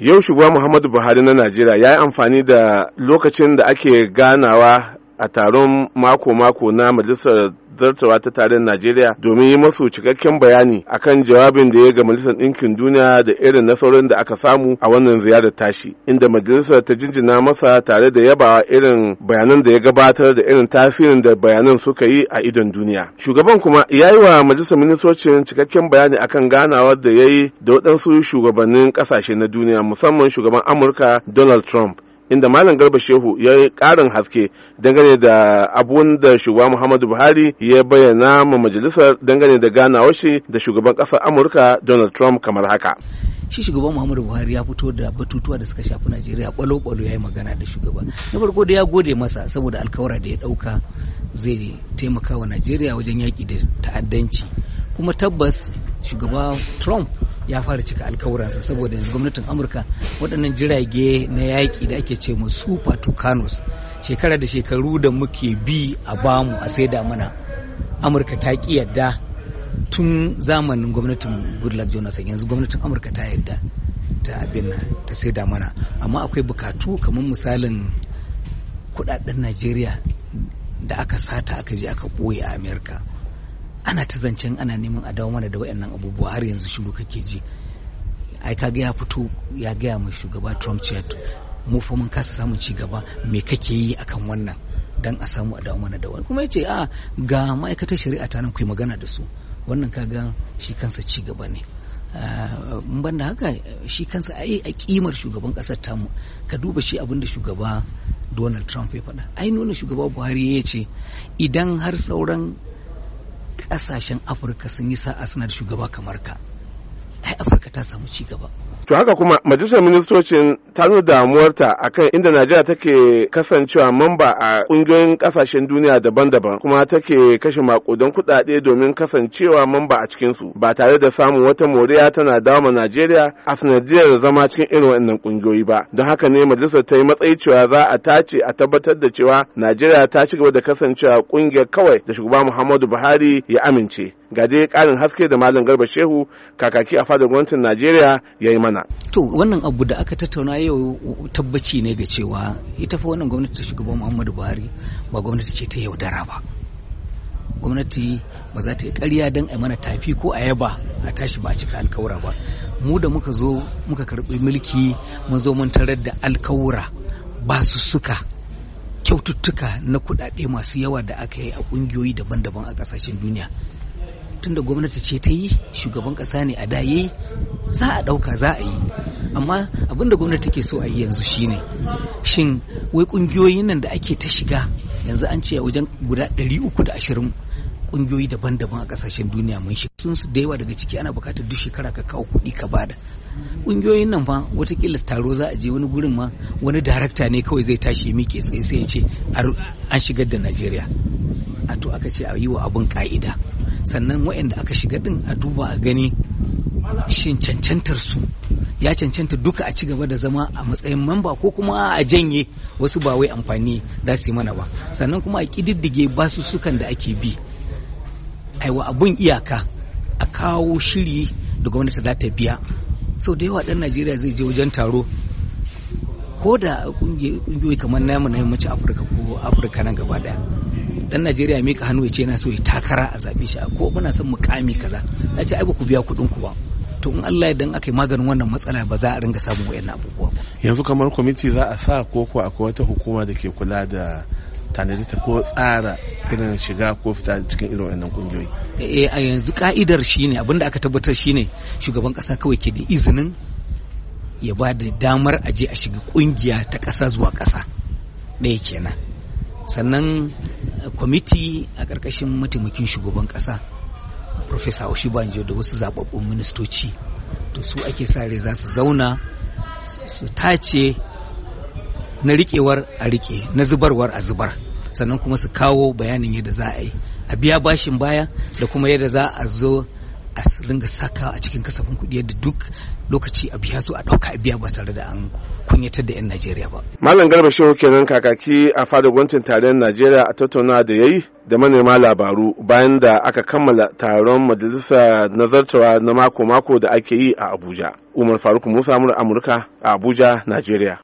yau shugaba muhammadu buhari na najeriya ya yi amfani da lokacin da ake ganawa a taron mako-mako na majalisar zartawa ta tarin Najeriya domin yi masu cikakken bayani akan jawabin da ya ga majalisar ɗinkin duniya da irin nasarorin da aka samu a wannan ziyarar tashi inda majalisar ta jinjina masa tare da yabawa irin bayanan da ya gabatar da irin tasirin da bayanan suka yi a idon duniya. Shugaban kuma ya yi wa majalisar ministocin cikakken bayani akan ganawar da ya yi da waɗansu shugabannin ƙasashe na duniya musamman shugaban Amurka Donald Trump. inda malam garba shehu ya yi karin haske dangane da abun da shugaba muhammadu buhari ya bayyana ma majalisar dangane da gana shi da shugaban kasar amurka donald trump kamar haka shi shugaban muhammadu buhari ya fito da batutuwa da suka shafi najeriya kwalo-kwalo ya yi magana da shugaba na farko da ya gode masa saboda alkawara da ya dauka zai taimaka wa najeriya wajen yaƙi da ta'addanci kuma tabbas shugaba trump ya fara cika alkawuransa saboda yanzu gwamnatin amurka waɗannan jirage na yaƙi da ake ce ma super tucanos shekara da shekaru da muke bi a bamu a saida mana amurka ta ƙi yadda tun zamanin gwamnatin goodluck jonathan yanzu gwamnatin amurka ta yadda ta abin ta saida mana amma akwai bukatu kamar misalin kudaden najeriya da aka sata aka je aka ɓoye a amerika ana ta zancen ana neman a dawo mana da waɗannan abubuwa har yanzu shiru kake ji ai kaga ya fito ya gaya mai shugaba Trump cewa mu fa mun kasa samun ci gaba me kake yi akan wannan dan a samu a dawo mana da wani kuma yace a ah, ga ma'aikatar shari'a ta nan ku magana da su wannan kaga shi kansa ci gaba ne ah, ban da haka shi kansa ai a kimar shugaban kasar tamu ka duba shi abin da shugaba Donald Trump ya faɗa ai nuna shugaba Buhari ya ce idan har sauran kasashen afirka sun yi sa'a suna da shugaba kamar ka ai afirka ta samu ci gaba To haka kuma majalisar ministocin ta nuna damuwarta akan inda Najeriya take kasancewa mamba a kungiyoyin kasashen duniya daban-daban kuma take kashe makudan kudade domin kasancewa mamba a cikin su ba tare da samun wata moriya tana dama Najeriya a sanadiyar zama cikin irin wannan kungiyoyi ba. Don haka ne majalisar ta yi matsayi cewa za a tace a tabbatar da cewa Najeriya ta ci gaba da kasancewa kungiyar kawai da shugaba Muhammadu Buhari ya amince. ga dai ƙarin haske da malam garba shehu kakaki a fadar gwamnatin najeriya ya yi mana to wannan abu da aka tattauna yau tabbaci ne ga cewa ita fa wannan gwamnati ta shugaban muhammadu buhari ba gwamnati ce ta yaudara ba gwamnati ba za ta yi karya don a mana tafi ko a yaba a tashi ba a cika alkawura ba mu da muka zo muka karɓi mulki mun zo mun tarar da alkawura ba su suka kyaututtuka na kuɗaɗe masu yawa da aka yi a ƙungiyoyi daban-daban a ƙasashen duniya da gwamnati ce ta yi shugaban kasa ne a daye za a ɗauka za a yi amma abin da gwamnati take so a yi yanzu shi ne. shin wai kungiyoyin nan da ake ta shiga yanzu an ce a wajen guda 320 kungiyoyi daban-daban a kasashen duniya mun shi sun su da yawa daga ciki ana bukatar duk shekara ka kawo kuɗi ka bada Ƙungiyoyin nan fa watakila taro za a je wani gurin ma wani darakta ne kawai zai tashi miƙe tsaye sai ya ce an shigar da najeriya a to aka ce a yi wa abin ka'ida sannan waɗanda aka shiga din a duba a gani shin cancantar su ya cancanta duka a ci gaba da zama a matsayin mamba ko kuma a janye wasu ba wai amfani za su yi mana ba sannan kuma a kididdige sukan da ake bi aiwa abun iyaka a kawo shiri da gwamnati za ta biya sau da yawa ɗan najeriya zai je wajen taro ko da ƙungiyoyi kamar na yamma na yammacin afirka ko afirka nan gaba daya dan Najeriya mika hannu ya ce na so ya takara a zabe shi ko muna son kame kaza na ce ai ba ku biya kuɗin ku ba to in Allah ya dan ake maganin wannan matsala ba za a ringa samun wayannan abubuwa ba yanzu kamar kwamiti za a sa ko ko akwai wata hukuma da ke kula da tanadi ta ko tsara irin shiga ko fita cikin irin wannan kungiyoyi eh a yanzu ka'idar shine abinda aka tabbatar shine shugaban kasa kawai ke da izinin ya ba da damar a je a shiga kungiya ta kasa zuwa kasa ɗaya kenan sannan kwamiti a ƙarƙashin mataimakin shugaban ƙasa profesa oshibanjo da wasu zababbun ministoci to su ake sa rai za su zauna su tace na rikewar a rike na zubarwar a zubar sannan kuma su kawo bayanin yadda za a yi a biya bashin baya da kuma yadda za a zo a ringa saka a cikin kasafin kuɗi yadda duk lokaci a biya zo a ɗauka a biya ba tare da an kunyatar da 'yan Najeriya ba. Malam Garba Shehu kenan kakaki a fadar gwamnatin tarihin Najeriya a tattauna da yayi da manema labaru bayan da aka kammala taron majalisa nazartawa na mako-mako da ake yi a Abuja. Umar Faruk Musa Amurka a Abuja, Najeriya.